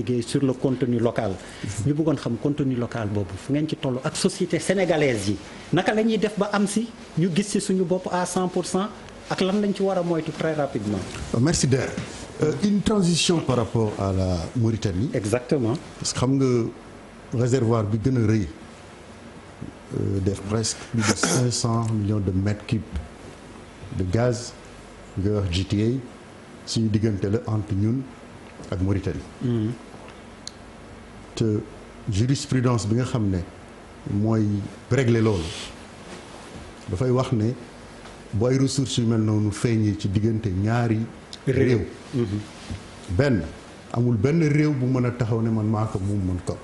liggéey sur le contenu local ñu bëggoon xam contenu local boobu fu ngeen ci toll ak société sénégalaise yi naka la ñuy def ba am si ñu gis si suñu bopp à 100 pour cent ak lan lañ ci war a moytu très rapidement merci Der euh, une transition par rapport à la Mauritanie exactement parce que xam nga réservoir bi gën a rëy euh, def presque plus de 500 millions de de gaz nga wax GTA suñu diggante la entre ñun ak Mauritanie mm-hmm. te jurisprudence bi nga xam ne mooy régler loolu dafay wax ne bu ay ressources yu mel noonu feeñee ci diggante ñaari réew mhm. benn amul benn réew bu mën a taxaw ne man maa ko moom mën kopp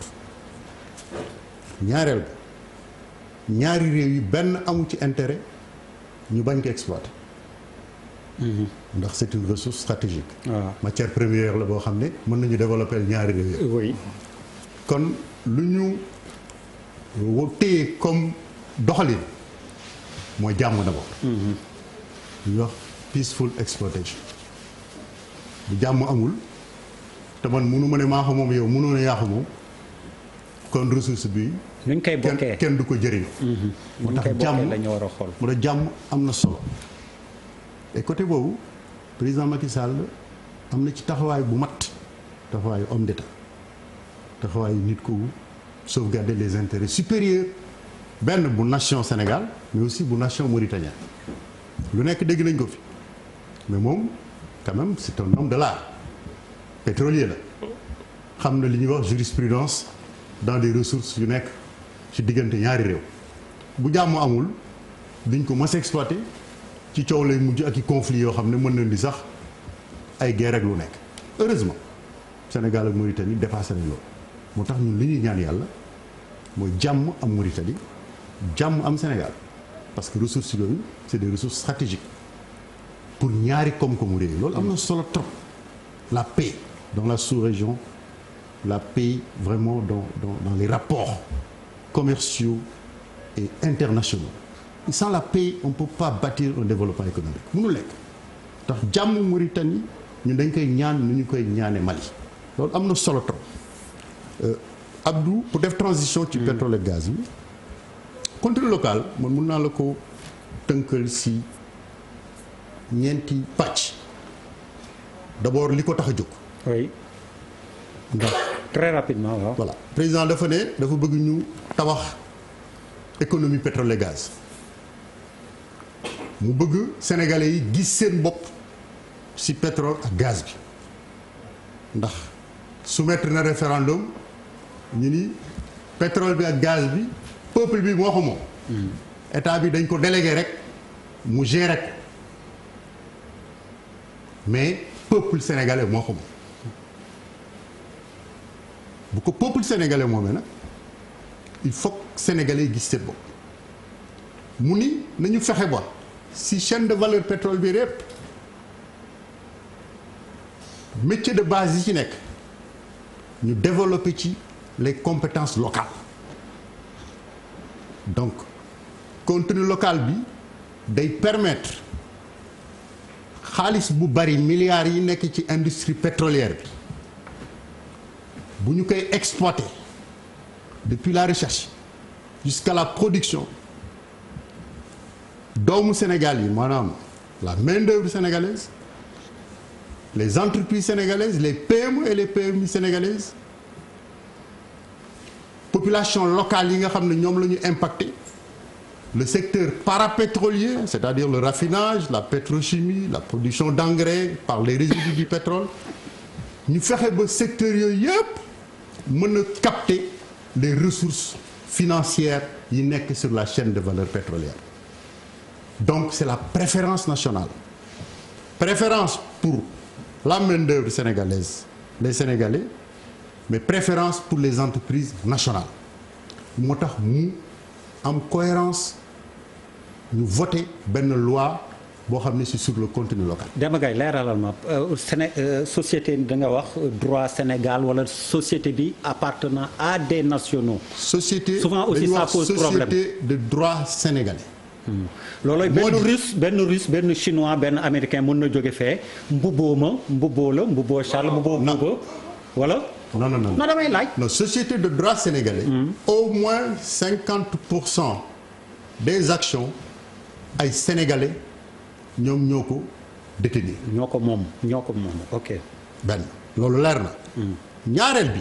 ñaareel ba ñaari réew yi benn amul ci intérêt ñu bañ ko exploiter mhm. ndax c'est une ressource stratégique ah. matière première la boo xam ne mën nañu développer ñaari réew yi kon lu ñu téye comme doxalin mooy jàmm d'abord. Mm-hmm. ñu wax peaceful exploitation bu jàmm amul te man munu ma ne maa ko moom yow munu ne yaa ko moom kon ressource bi. nuñ koy bokkee kenn du ko jëriñ mm-hmm. moo tax jàmm dañu war a xool moo jàmm am na solo. et côté boobu président Macky am na ci taxawaay bu mat taxawaayu homme d'État taxawaayu nit ku sauvegarder les intérêts supérieurs benn bu nation Sénégal mais aussi bu nation mauritanienne lu nekk dégg nañ ko fi mais moom quand même c'est un homme de l'art pétrolier la xam na li ñuy wax jurisprudence dans des ressources yu nekk ci diggante ñaari réew bu jàmm amul duñ ko mës exploité ci coow lay mujj ak yi conflits yoo xam ne mën nañ di sax ay guerre ak lu nekk heureusement Sénégal ak Mauritanie dépassé nañ loolu moo tax ñun li ñuy ñaan yàlla mooy jàmm am Mauritanie jàmm am Sénégal parce que ressources yooyu c'est des ressources stratégiques pour ñaari koom-koomu réew loolu am na solo trop la paix dans la sous-région la paix vraiment dans dans dans les rapports commerciaux et internationaux et sans la paix on peut pas bâtir un développement économique mënul lekk tax jàmm Mauritanie ñun dañ koy ñaan nu ñu koy ñaanee Mali loolu am na solo trop Euh, Abdou pour def transition ci mm. pétrole gaz bi contenu local man mun naa la ko tënkal si ñeenti pàcc d'abord li ko tax a jóg. oui ndax. très voilà président dafa ne dafa bëgg ñu tabax économie pétrole gaz mu bëgg sénégalais yi gis seen bopp si pétrole ak gaz bi ndax. su soumettre na référendum ñu ni pétrole bi ak gaz bi peuple bi moo ko moom état bi dañ ko délégué rek mu gérer ko mais peuple sénégalais moo ko ko peuple sénégalais moomee nag il faut que sénégalais bopp mu ni nañu fexe ba si chaine de valeur pétrole bi répp métier de base yi ci nekk ñu développer ci les compétences locales donc contenu local bi day permettre xaalis bu bari milliards yi nekk ci industrie pétrolière bi bu ñu koy exploiter depuis la recherche jusqu'à la production doomu Sénégal yi maanaam la main-d'œuvre les entreprises sénégalaises les PME et les PMI sénégalaises population locale yi nga xam ne ñoom la ñu impacté le secteur parapétrolier c'est-à-dire le raffinage la pétrochimie la production d'engrais par les résidus du pétrole ñu fexe ba secteur yooyu yëpp mën a capter les ressources financières yi nekk sur la chaîne de valeur pétrolière donc c'est la préférence nationale préférence pour la main-d'œuvre sénégalaise, les Sénégalais, mais préférence pour les entreprises nationales. moo tax mu am cohérence ñu voté benn loi boo xam ne si sur le contenu local. Demba Gaye leeralal ma euh, Séné euh, société da nga wax droit Sénégal wala société bi appartenant à des nationaux. société souvent aussi ça pose société de droit sénégalais. loolooy benn russe benn russe benn chinois benn américain mën na jóge fee mbubboo ma mbubboo la mbubboo Charles ah, mbubboo mbubboo wala non non non non damay laaj. non société de droit sénégalais. Hmm. au moins cinquante pour cent des actions ay ñoom ñoo ko détenir. ñoo ko moom ñoo ko loolu leer na. Hmm. ñaareel bi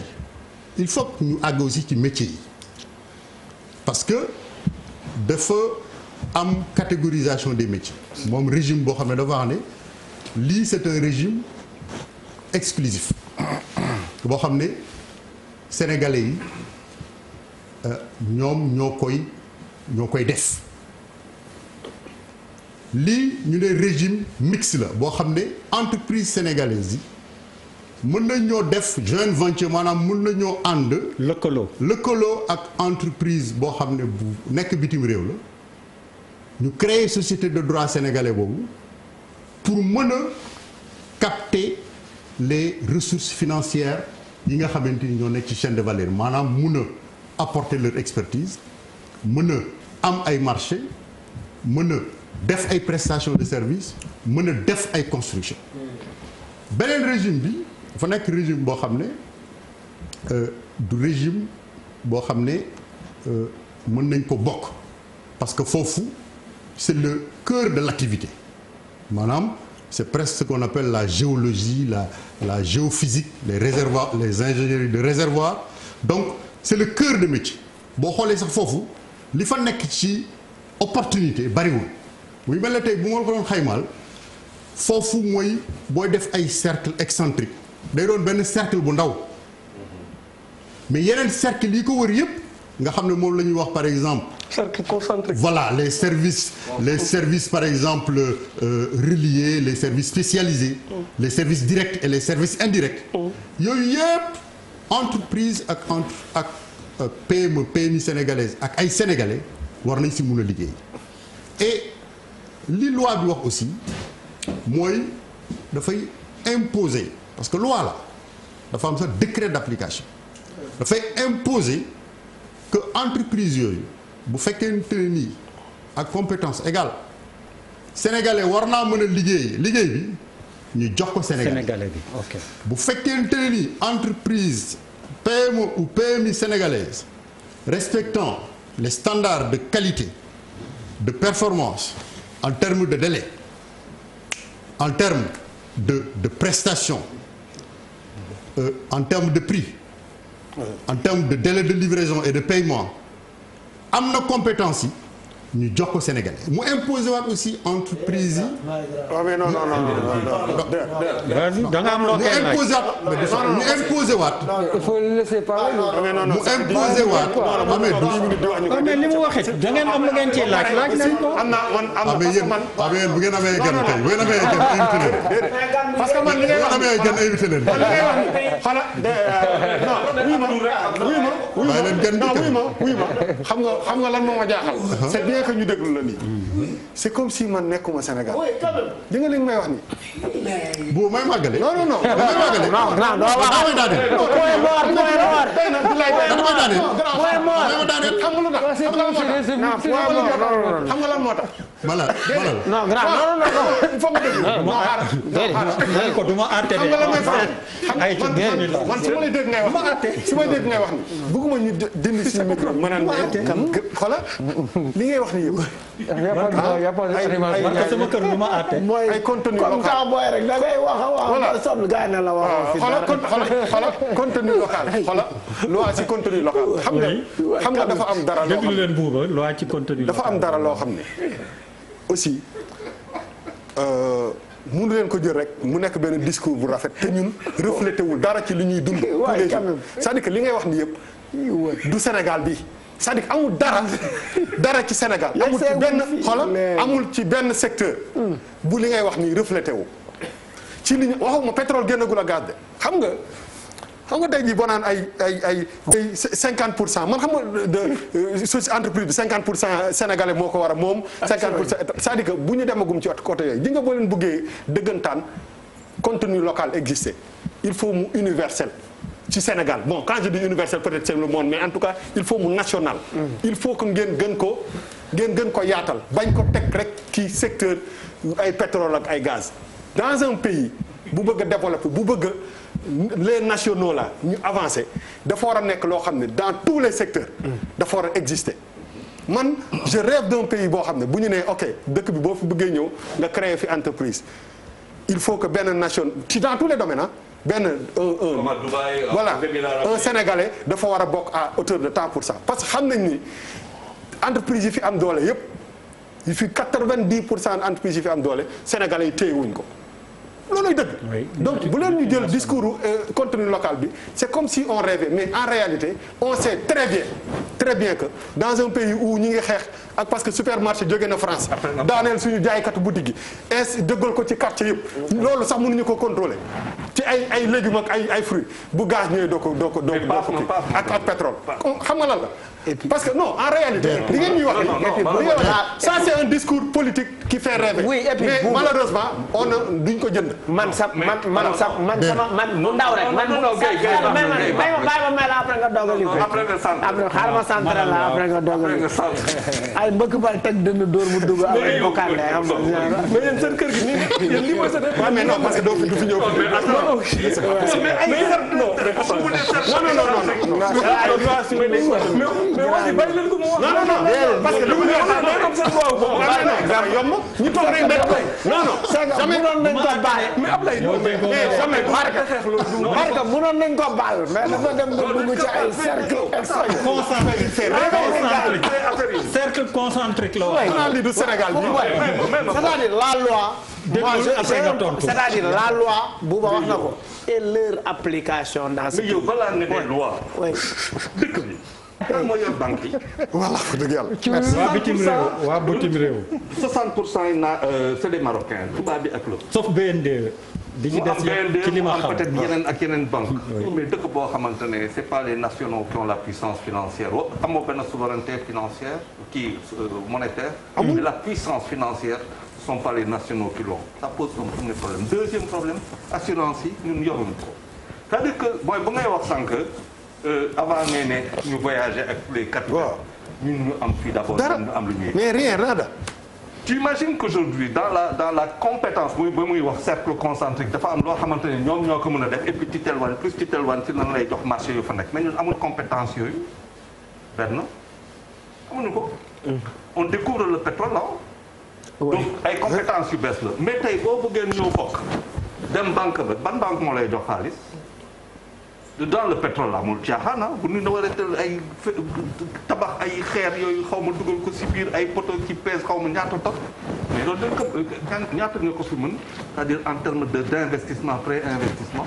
il faut ñu àgg aussi ci métier yi parce que dafa. am catégorisation des métiers moom régime boo xam ne dafa wax ne lii c'est un régime exclusif boo xam ne sénégalais yi euh, ñoom ñoo koy ñoo koy des lii ñu ne régime mixte la boo xam ne entreprise sénégalaise yi mën na ñoo def joint venture maanaam mën na ñoo ànd lëkkaloo lëkkaloo ak entreprise boo xam ne bu nekk bitim réew la ñu créer société de droit sénégalais boobu pour mën a capter les ressources financières yi nga xamante ni ñoo nekk ci chaîne de valeur maanaam mun a apporter leur expertise mën a am ay marché mën a def ay prestations de service mën a def ay construction beneen régime bi dafa nekk régime boo xam ne euh, du régime boo xam ne euh, mën nañ ko bokk parce que foofu c'est le cœur de l'activité maanaam c'est presque ce qu'on appelle la géologie la la géophysique les réservoirs les ingénieries de réservoir donc c'est le cœur de métier boo xoolee sax foofu li fa nekk ci opportunité bariwul muy mel ne tey bu ma la ko doon xaymaal foofu mooy booy def ay cercle excentrique day doon benn cercle bu ndaw mais yeneen cercle yi ko wër yépp nga xam ne moom la ñuy wax par exemple cercle concentrique. voilà les services les services par exemple euh, reliés les services spécialisés. Mm. les services directs et les services indirects. Mm. yooyu yëpp entreprise ak entre ak euh, PME PMI sénégalaise ak ay sénégalais war nañ si mun a liggéey. et li loi bi wax aussi mooy dafay imposer parce que loi la dafa am sax décret d'application dafay imposer que entreprise yooyu. bu fekkente ne nii ak compétence égale sénégalais war naa mën a liggéey liggéey bi ñu jox ko sénégalais bi bu fekkee fekkente ne nii entreprise PME ou PMI sénégalaise respectant les standards de qualité de performance en terme de délé en termes de de prestation euh, en termes de prix en termes de délai de livraison et de paiement am na compétence yi ñu jox ko Sénégalais mu imposé waat aussi entreprise yi. waaw mais non non non. da nga am loo koy naaj mu imposé waat. il faut le laisser parler. mu imposé waat. mais li mu waxee da ngeen am lu ngeen ci laaj laaj nañ ko. am na man am na parce que man. waaw mais yéen bu ngeen amee gan tey bu ngeen amee gan invité leen. parce que man li ngeen wax bu ngeen amee gan invité leen. man li ngeen wax nii xanaa non wuyu ma wuyu ma wuyu ma non wuyu ma wuyu ma xam nga xam nga lan moo ma jaaxal. que ñu déglu la nii. c' est comme si man nekkuma Sénégal. di nga li may wax nii. bu may màggale. non non non bu may màggale. non non non damay daaneel. mooy moor mooy moor. damay daaneel. mooy moor. damay daaneel xam nga lu tax. xam nga lan moo tax. voilà voilà non non non il faut ko duma àtte xam nga la may faral ay man su ma lay dégg ngay wax ma àtte su ma dégg ngay wax ni bëgguma ñu dindi suñu micro ma naan kan xoolal li ngay wax ni yëpp ya pas ay sama kër duma àtte mooy ay contenu local comme ça booy rek da ngay wax wax sonn gaay na la wax xoolal xoolal contenu local xoolal loi ci contenu local xam nga xam nga dafa am dara loo xam ne dafa am dara loo xam ne aussi euh, mënu leen ko jël rek mu nekk benn discours bu rafet te ñun reflété wul dara ci li ñuy dund. tous les jours cest à li ngay wax ni yëpp. du Sénégal bi. sa à dire amul dara dara ci Sénégal. amul ci benn xoolal amul ci benn secteur. Hmm. bu li ngay wax nii reflété wu. ci li ñu waxuma pétrole génnagul a gaz de xam nga. xam nga tey jii naan ay ay ay ay cinquante pour cent man xam nga de euh, soci entreprise bi cinquante pour cent sénégalais moo ko war moom. cinquante pour bu ñu demagum ci côté yooyu di nga boo leen bëggee dëggantaan contenu local exister il faut mu universel. ci Sénégal bon quand je dis universel peut-être c'est le monde mais en tout cas il faut mu national. Mm-hmm. il faut ko ngeen gën ko ngeen gën ko yaatal bañ ko teg rek ci secteur ay pétrole ay gaz dans un pays bu bëgg a bu bëgg les nationaux la ñu avancé dafa war a nekk loo xam ne dans tous les secteurs. dafa war a exister. man je rêve d'un pays boo xam ne bu ñu nee ok dëkk bi boo fi bëggee ñëw nga créer fi entreprise il faut que benn nation ci dans tous les domaines ah benn un un Dubaï, voilà dafa war a bokk à hauteur de pour cent parce que xam nañ ni entreprise yi fi am doole yépp yi fi quatre-vingt-dix pour cent entreprise yi fi am doole sénégalais yi wuñ ko loolooy dëgg. donc bu leen ñu jël discours euh, contenu local bi c'est comme si on rêvait mais en réalité on sait très bien très bien que dans un pays ou ñu ngi xeex. ak parce que supermarché jóge na France daaneel suñu jaaykatu boutique yi ins dëggal ko ci quartier yëpp loolu sax ñu ko contrôler ci ay ay légumes ak ay ay bu gaz ñëwee doo ko doo ko doo ko ak ak pétrole xam nga lan la parce que non en réalité li ngeen ñuy wax li ngeen ça c'est un discours politique qui fait rêver oui et puis mais malheureusement a man sa man man man sama man mu man man ay mbëkk bal teg dënn dóor mu dugg am ay bokkaale am mais yéen seen kër gi nii yéen lii mooy seen waaw mais non parce que doo fi du fi ñëw mais ay non non non mais waa ji bàyyi leen ko mu wax non non non parce que dugg ñëw comme seen waaw bon non yomb ñu toog rek bett ko non non jamais doon nañ ko bàyyi mais Ablaye mais jamais barka xeex loolu barka mënoon nañ ko baal mais dafa dem ba dugg ci ay cercle extra concentré cercle concentrique la wax. waaw du Sénégal bi c'est-à-dire la loi. c'est-à-dire la loi. Bouba wax na ko. et leur application dans ce pays. balaa nga ne loi. oui dëkk bi. kan moo yor banque yi. voilà fa dëgg yàlla. merci waa bitim réew waa bitim réew. 60 pour cent yi na euh, c'est des Marocains. tubaab bi ak loolu. sauf BND. E. li ci des ci li ma ak yeneen banque boo xamante ne c'est pas les nationaux qui ont la puissance financière wa amoo benn souveraineté financière qui euh, monétaire mais la puissance financière ce pas les nationaux qui l'ont ça pose un premier problème deuxième problème assurance yi ñun yoruñ c'est-à-dire que mooy ba ngay wax sànq euh, avant ngay ne ñu voyager ak les quatre ñun ñu am fii d'abord dara am lu ñuy rien nada tu imagines qu'aujourd'hui dans la dans la compétence muy ba muy wax cercle concentrique dafa am loo xamante ne ñoom ñoo ko mën a def et puis Tivaouane plus Tivaouane si nan lay jox marché yu fa nekk mais ñun amul compétence yooyu benn amuñu ko. Mm. on découvre le pétrole là. donc ay compétence yu bees la mais tey boo bëggee ñëw bokk dem banque ba ban banque moo lay jox xaalis. dans le pétrole la amul a ah bu ñu war a tël ay tabax ay xeer yooyu xaw ma dugal ko si biir ay poto ci pees xaw ma ñaata tax mais loolu dañ ko ñaata nga ko fi mën c'est-à-dire en terme de d'investissement pré investissement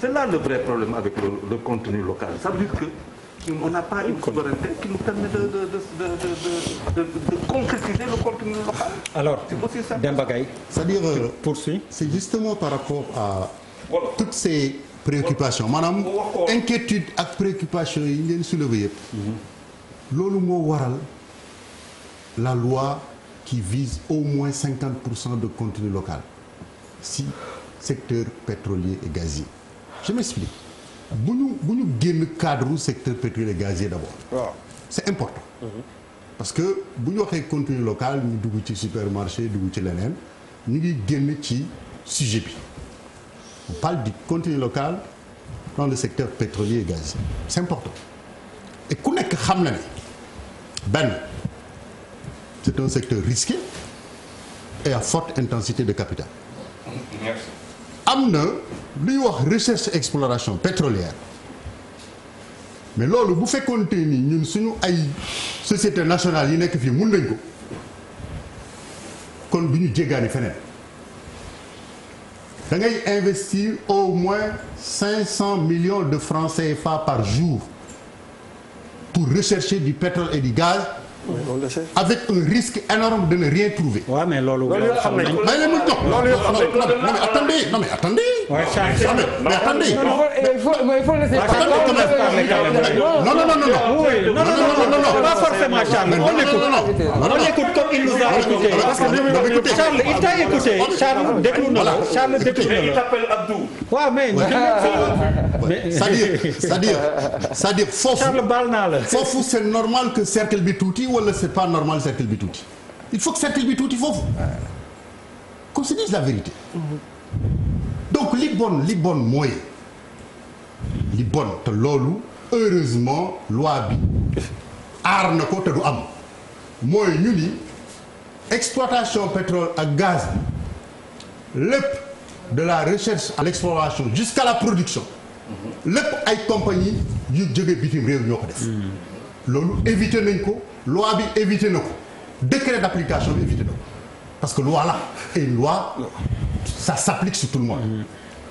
c'est là le vrai problème avec le, le contenu local ça veut dire que on n'a pas une souveraineté qui nous permet de de de de de de concrétiser le contenu local. alors Demba Gaye. c'est-à-dire euh, poursuit. c'est justement par rapport à. Voilà. toutes ces. préoccupation maanaam inquiétude ak préoccupation yi ñu leen soulever yëpp mhm. loolu moo waral la loi ki vise au moins cinquante pour cent de contenu locale si secteur pétrolier et gazier je m'explique bu ñu bu génn cadre secteur pétrolier et gazier d'abord waaw c'est important mhm. parce que bu ñu waxee contenu locale ñu dugg ci supermarché dugg ci leneen ñu ngi génn ci sujet bi On parle du contenu local dans le secteur pétrolier et gazier. C'est important. Et ku nekk xam na ne benn c'est un secteur risqué et à forte intensité de capital. am na luy wax recherche exploration pétrolière mais loolu bu fekkoon fekkoonte ni ñun suñu ay société nationale yi nekk fii mun nañ ko kon du ñu jéggaani feneen. da ngay investir au moins cinq cent millions de francs CFA par jour pour rechercher du pétrole et du gaz. avec un risque énorme de ne rien trouver. waaw mais loolu. loolu xam nañ ko mais attendez non mais attendez. Ouais, ça, mais, mais attendez. Non, non, il faut, il faut laisser parler. Non, non, non, non, non. Oui, non, non, non, non, non, pas forcément Charles. On l'écoute. On l'écoute comme il nous a écouté. Charles, il t'a écouté. Charles, détourne-le. Charles, détourne-le. Il t'appelle Abdou. Ouais, mais. Ah. C'est-à-dire, c'est-à-dire, c'est-à-dire, foofu. Charles baal naa la. Foofu c'est normal que cercle bi tuuti wala c'est pas normal cercle bi tuuti. Il faut que cercle bi tuuti foofu. Qu'on se dise la vérité. donc li bon li bon mooy te loolu heureusement loi bi aar na ko te am mooy ñu ni pétrole ak gaz lépp de la recherche à l'exploration la production lépp ay compagnie yu jóge bitim réew ñoo ko loolu éviter nañ ko loi bi éviter na ko décret d'application bi éviter na ko parce que loi la ay loi ça s'applique sur tout le monde.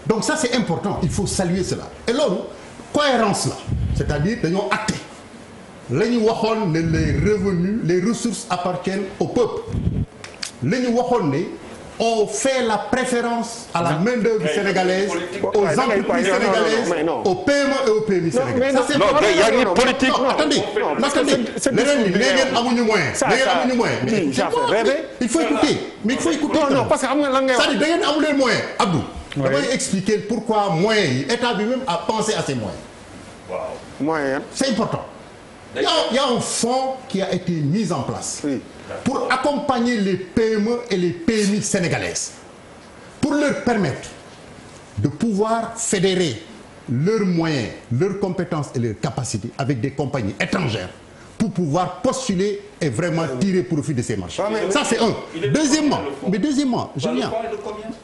donc ça c'est important il faut saluer cela. et loolu cohérence la c'est-à-dire dañoo acté la waxoon ne les revenus les ressources appartiennent au peuple la ñu waxoon ne. on fait la préférence à la main-d'œuvre sénégalaise aux entreprises sénégalaises aux PME et aux PMI sénégalais. ça c'est non politique. attendez leneen li ngeen amuñu moyen. ça amuñu moyen. il faut écouter mais il faut écouter. parce que xam nga lan ngay wax. c'est-à-dire da ngeen amul leen moyen Abdou. damay pourquoi moyens yi état bi même a pensé à ces moyens. waaw c'est important. Il y, a un fonds qui a été mis en place pour accompagner les PME et les PMI sénégalaises, pour leur permettre de pouvoir fédérer leurs moyens, leurs compétences et leurs capacités avec des compagnies étrangères pour pouvoir postuler et vraiment tirer profit de ces marchés. Ah, ça, c'est un. Deuxièmement, mais deuxièmement, Julien.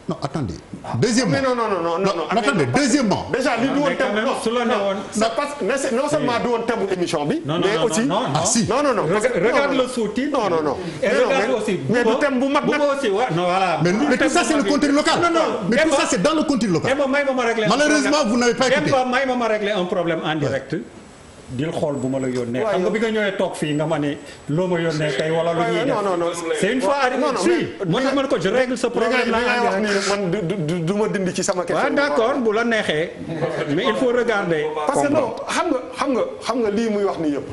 Non, attendez. Deuxièmement. Non, Attendez, deuxièmement. non. Non seulement du woon émission bi. mais aussi ah si. Regarde le sous Non, non, non. Mais tout ça, c'est le contenu local. Non, non. Mais tout ça, c'est Malheureusement, vous n'avez pas écouté. un problème en dil xool bu ma la yónnee. xam nga bi nga ñëwee toog fii nga ma ne loo ma yónnee tey wala lu ñuy def. non non non c'est une fois arrivé si. man ko je règle ce problème la nga wax ni man du ma dindi ci sama question. waaw bu la neexee. mais il faut regarder. parce que non xam nga xam nga xam nga lii muy wax ni yëpp.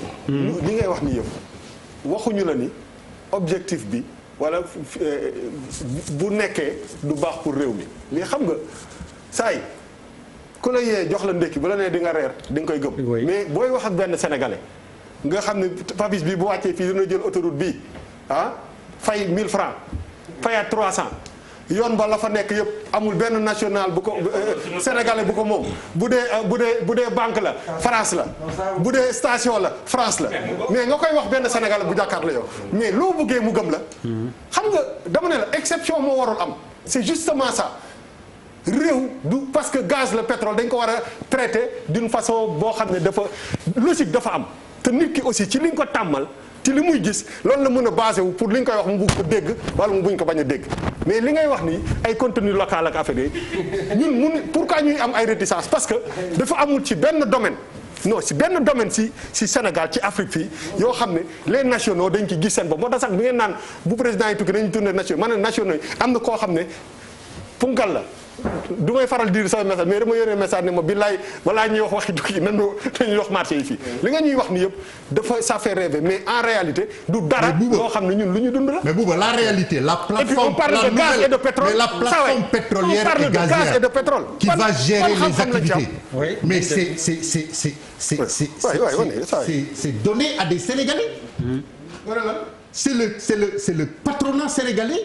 li ngay wax ni yëpp waxuñu la ni objectif bi wala bu nekkee du baax pour réew mi mais xam nga saa ku la yee jox la ndékki bu la nee di nga reer di nga koy gëm. mais booy wax ak benn sénégalais nga xam ne papis bi bu wàccee fii dina jël autoroute bi ah fay 1000 francs fayaat 300. yoon ba la fa nekk yëpp amul benn national bu ko euh, sénégalais bu ko moom bu dee euh, bu dee bu dee banque la France la bu dee station la France la mais nga koy wax benn sénégalais bu jàkkaar la yow mais loo buggee mu gëm la hmm. xam nga dama ne la exception moo warul am c'est justement ça réew du parce que gaz la pétrole dañ ko war a traité d'une façon boo xam ne dafa logique dafa am te nit ki aussi ci li liñ ko tàmmal ci li muy gis loolu la mën a basé wu pour li ñu koy wax mu bugg ko dégg wala mu buñ ko bañ a dégg mais li ngay wax ni ay contenu local ak affaire yi ñun mun pourquoi ñuy am ay réticence parce que dafa amul ci benn domaine non si benn domaine si si Sénégal ci Afrique fii yoo xam ne les nationaux dañ ci gis seen bopp moo tax sax bi ngeen naan bu président yi ma ne nationaux yi na koo xam ne punkal la du may faral diir sama message mais rek ma yónnee message ne ma billaay balaa ñuy wax waxi dugg yi nan nañuy wax marché yi fii li nga ñuy wax ni yëpp dafa ça fait rêver mais en réalité du dara loo xam ne ñun lu ñu dund la mais Bouba la réalité la plateforme et puis on parle de gaz et de pétrole mais la plateforme pétrolière on parle et gazière de gaz pétrole qui va gérer les activités mais c'est c'est c'est c'est c'est à des Sénégalais hmm. c'est le patronat sénégalais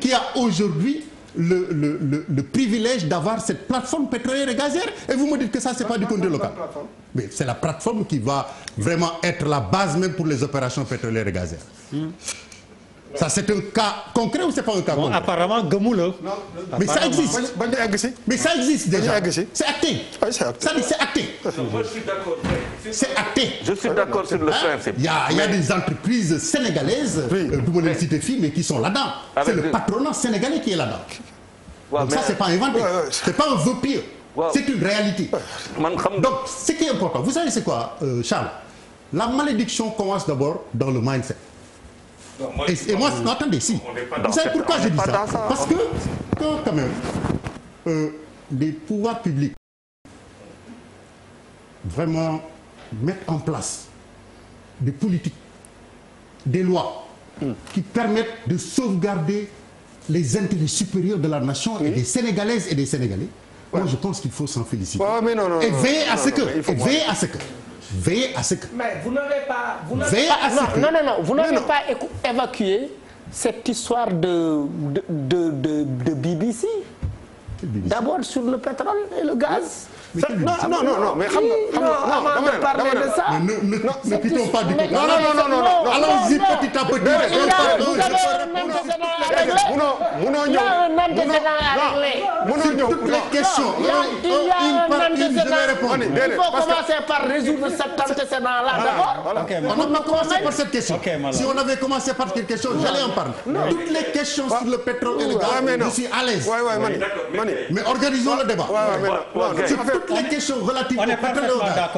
qui a aujourd'hui le, le, le, le privilège d'avoir cette plateforme pétrolière et gazière et vous me dites que ça c'est pas du contenu local. Mais c'est la plateforme qui va vraiment être la base même pour les opérations pétrolières et gazières. Mm. ça c'est un cas concret ou c'est pas un cas bon, concret. mais a c'est acté. c'est acté. c'est acté. c'est acté. il y a il a des entreprises sénégalaises. oui du euh, ma qui sont là-dedans. c'est le patronat sénégalais qui est là-dedans. c'est une réalité. donc ce qui est important vous savez euh, Charles la malédiction commence d'abord dans le mindset. Et, et moi, attendez, si. Vous savez pourquoi je dis ça Parce que, quand, quand même, euh, les pouvoirs publics vraiment mettent en place des politiques, des lois qui permettent de sauvegarder les intérêts supérieurs de la nation et mhm. des Sénégalaises et des Sénégalais, moi, je pense qu'il faut s'en féliciter. Et veiller à ce que... veillez à ce que. mais vous n'avez pas. Vous n'avez pas non, que... non non non vous n'avez pas évacué cette histoire de de de de, de BBC. BBC. D'abord sur le pétrole et le gaz. Oui. non non non mais xam nga xam nga non dama ne dama ne ça ne ne ne quittons pas du tout non non non non allons-y petit à petit munoo munoo ñëw munoo ñëw toutes les questions une par une je vais répondre il faut commencer par résoudre cet antécédent là d'abord on a commencé par cette question si on avait commencé par cette question j'allais en parler toutes les questions sur le pétrole et le gaz je suis à l'aise mais organisons le débat toutes les questions relatives au pétrole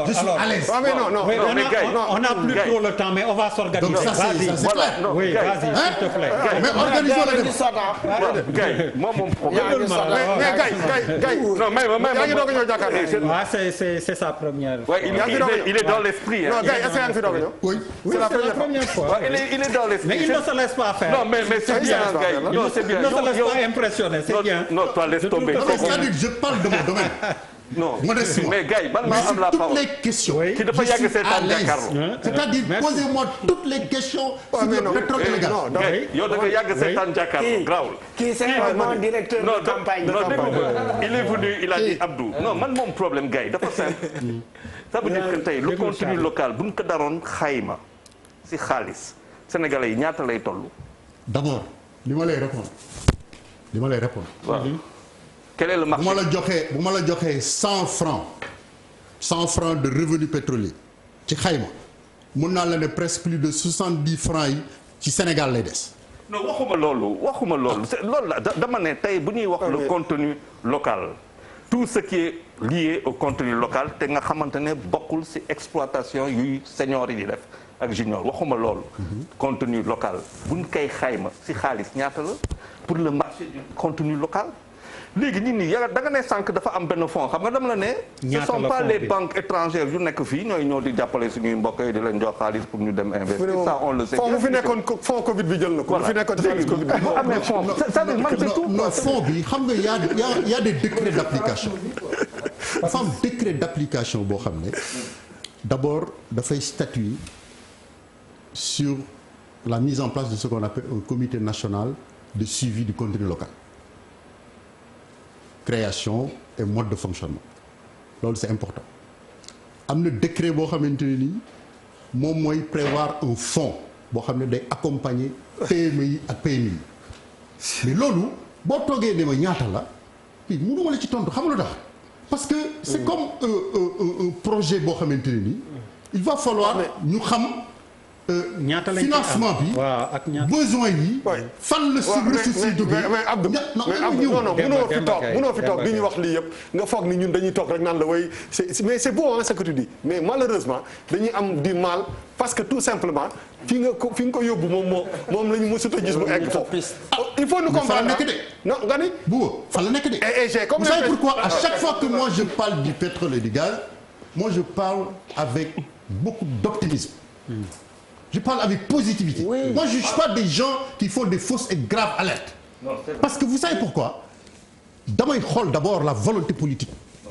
je suis à l'aise. Ah, oui, non, non, oui, non, on, a, on, on a plus trop le temps mais on va s'organiser. Donc ça c'est clair. Oui, vas-y, s'il te plaît. Mais organisons le débat. Ah, c'est sa première. il est dans l'esprit. Non, c'est la première fois. Il est dans l'esprit. Mais il ne se laisse pas faire. Non, mais c'est bien Gaye. Il ne se laisse pas impressionner, c'est bien. Non, toi laisse tomber. Je parle de mon domaine. non mais gars yi ban maa am la parole toutes les questions. oui je suis à l'aise c'est-à-dire posez-moi toutes les questions. sur le pétrole eh, Sénégal. non non yow da yàgg seetaan jàkkaarloo grawul. kii c'est mon directeur de campagne. non il est il a dit Abdou. non man moom problème gars yi dafa simple. ça veut dire que tey le contenu local buñ ko daroon xayma si xaalis sénégalais yi ñaata lay toll. d'abord li ma lay répondre li ma lay répondre. quel est le marché bu ma la joxee bu ma la joxee cent francs cent francs de revenu pétrolier ci xayma mun naa la ne presque plus de soixante-dix francs yi ci Sénégal lay des. non waxuma loolu waxuma loolu ah. loolu la dama ne tey bu ñuy wax ah, le contenu local tout ce qui est lié au contenu local te nga xamante ne bokkul si exploitation yuy senior yi di def ak junior waxuma loolu mhm. contenu local buñ kay xayma si xaalis ñaata la pour le marché du contenu local léegi nit ñi yàlla da nga ne sànq dafa am benn fonds xam nga dama la ne. ce sont pas les banques étrangères yu nekk fii ñooy ñoo di jàppale suñuy mbokk yi di leen jox xaalis pour ñu dem investir. ça on le sait Covid bi jël na ko. fi nekkoon xaalis Covid bi bu amee fonds. c'est-à-dire man c'est tout. non fonds bi xam nga y a y a des décrets d'application dafa am décret d'application boo xam ne d'abord dafay la mise en place de ce qu'on national de suivi du contenu création et mode de fonctionnement loolu c'est important am na décret boo xamante ne nii moom mooy prévoir un fonds boo xam ne day accompagner PME yi ak PMI yi mais loolu boo toogee ne ma ñaata la fii mënu la ci tontu xam nga parce que c'est mm. comme euh, euh, euh, un projet boo xamante ne nii il va falloir ñu xam Euh, ñaata lañ financement bi waaw ak ñaata besoin yi. fan la su ressources yi duggee. mais Abdou non non mënoo fi toog mënoo fi toog di ñu wax lii yëpp nga foog ni ñun dañuy toog rek naan la way c'est mais c'est beau hein ce mais malheureusement dañuy am du maal parce que tout simplement fi nga ko fi nga ko yóbbu moom moo moom la ñu mësut a gis mu egg foofu. Oh, il faut nous comprendre nekk de. non nga ni. bu la nekk de. et j'ai comme vous savez pourquoi à chaque fois que moi je parle du pétrole du gaz moi je parle avec beaucoup je parle avec positivité. Oui. Moi, ne juge pas des gens qui font des fausses et graves alertes. Parce que vous savez pourquoi damay xool d'abord la volonté politique. Non,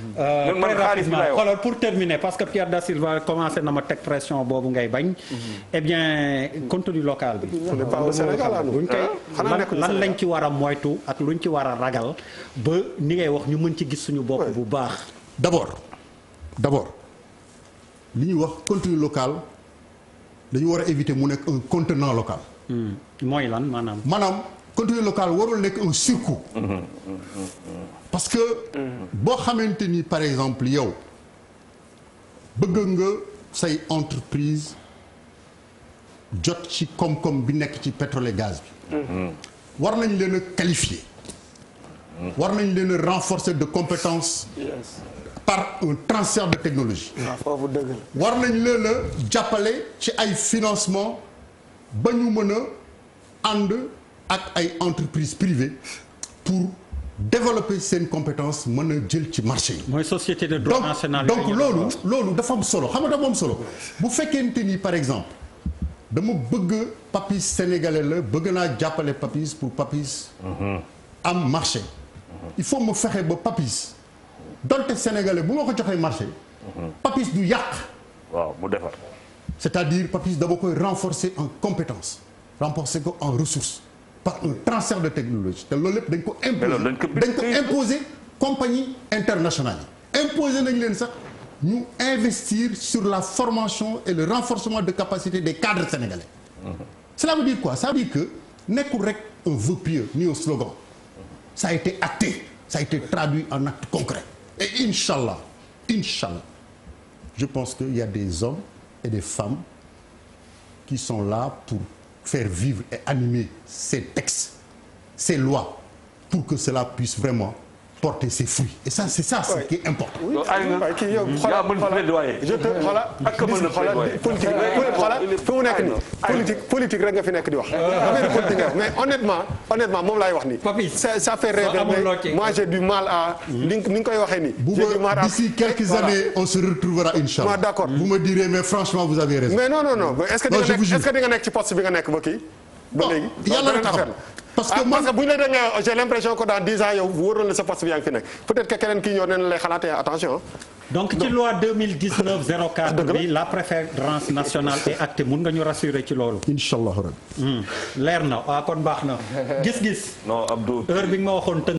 Euh, man man xaalis bi laay wax pour terminer parce que Pierre Da Silva commencé na ma teg pression boobu ngay bañ. Mhm. eh bien contenu local bi. buñ koy lan lañ ci war a moytu ak ñu ci war a ragal ba ni ngay wax ñu mën ci gis suñu bopp bu baax. d'abord d'abord li ñuy wax contenu local dañu war a mu nekk un contenant local. Hmm. mooy lan maanaam. contenu local warul nekk un surcoût parce que boo xamante ni par exemple yow bëgg nga say entreprise jot ci koom-koom bi nekk ci pétrole gaz bi war nañ leen a qualifier war nañ leen a renforcer de compétences par un transfert de technologie ah, war nañ leen a jàppale ci ay financement ba ñu mën a ànd ak ay entreprise privées pour développer seen compétence mën a jël ci marché yi. mooy société de droit national donc loolu loolu dafa am solo xam nga dafa solo bu fekkente ni par exemple dama bëgg papis sénégalais la bëgg naa jàppale papis pour papis. Mhm. am marché. il faut ma fexe ba papis donte sénégalais bu ma ko joxee marché. Mhm. papise du yàq. waaw mu defar. c'est-à-dire papis dama koy renforcer en compétence renforcer ko en ressources. par un transfert de technologie te loolu lépp dañ ko imposer dañ ko imposer compagnie internationale yi imposer nañ leen sax ñu investir sur la formation et le renforcement de capacité des cadres sénégalais mm-hmm. cela veut dire quoi ça veut dire que nekkul rek un vœu pieux ni un slogan ça a été acté ça a été traduit en acte concret et inchallah inchallah je pense que y a des hommes et des femmes qui sont là faire vivre et animer ces textes, ces lois, pour que cela puisse vraiment porter ses fruits et ça c'est ça ce qui est important. kii yow xoolal xoolal ak xoolal politique xoolal fi mu nekk nii politique politique rek nga fi nekk di wax. affaire politique nga wax mais honnêtement honnêtement moom laay wax nii. papi ça fait rêver moi j'ai du mal à. Mm-hmm. ni nga koy waxee nii. j'ai du mal à d'ici quelques années on se retrouvera inchallah. d'accord vous me direz mais franchement vous avez raison. mais non non non mm-hmm. est-ce que di nga nekk est-ce que di nga nekk ci poste bi nga nekk ba kii. ba léegi yàlla rek affaire la. parce que ah, man bu ñu la déggee j'ai l'impression que dans 10 yow wóoroon na sa poste bi yaa ngi fi nekk peut-être que keneen kii ñëw nañ lay xalaatee attention. donc ci loi ah, bi la préférence nationale est actée mun nga ñu rassurer ci loolu. incha allah. Hmm. leer na waaw ah, kon baax na gis-gis. heure bi nga ma waxoon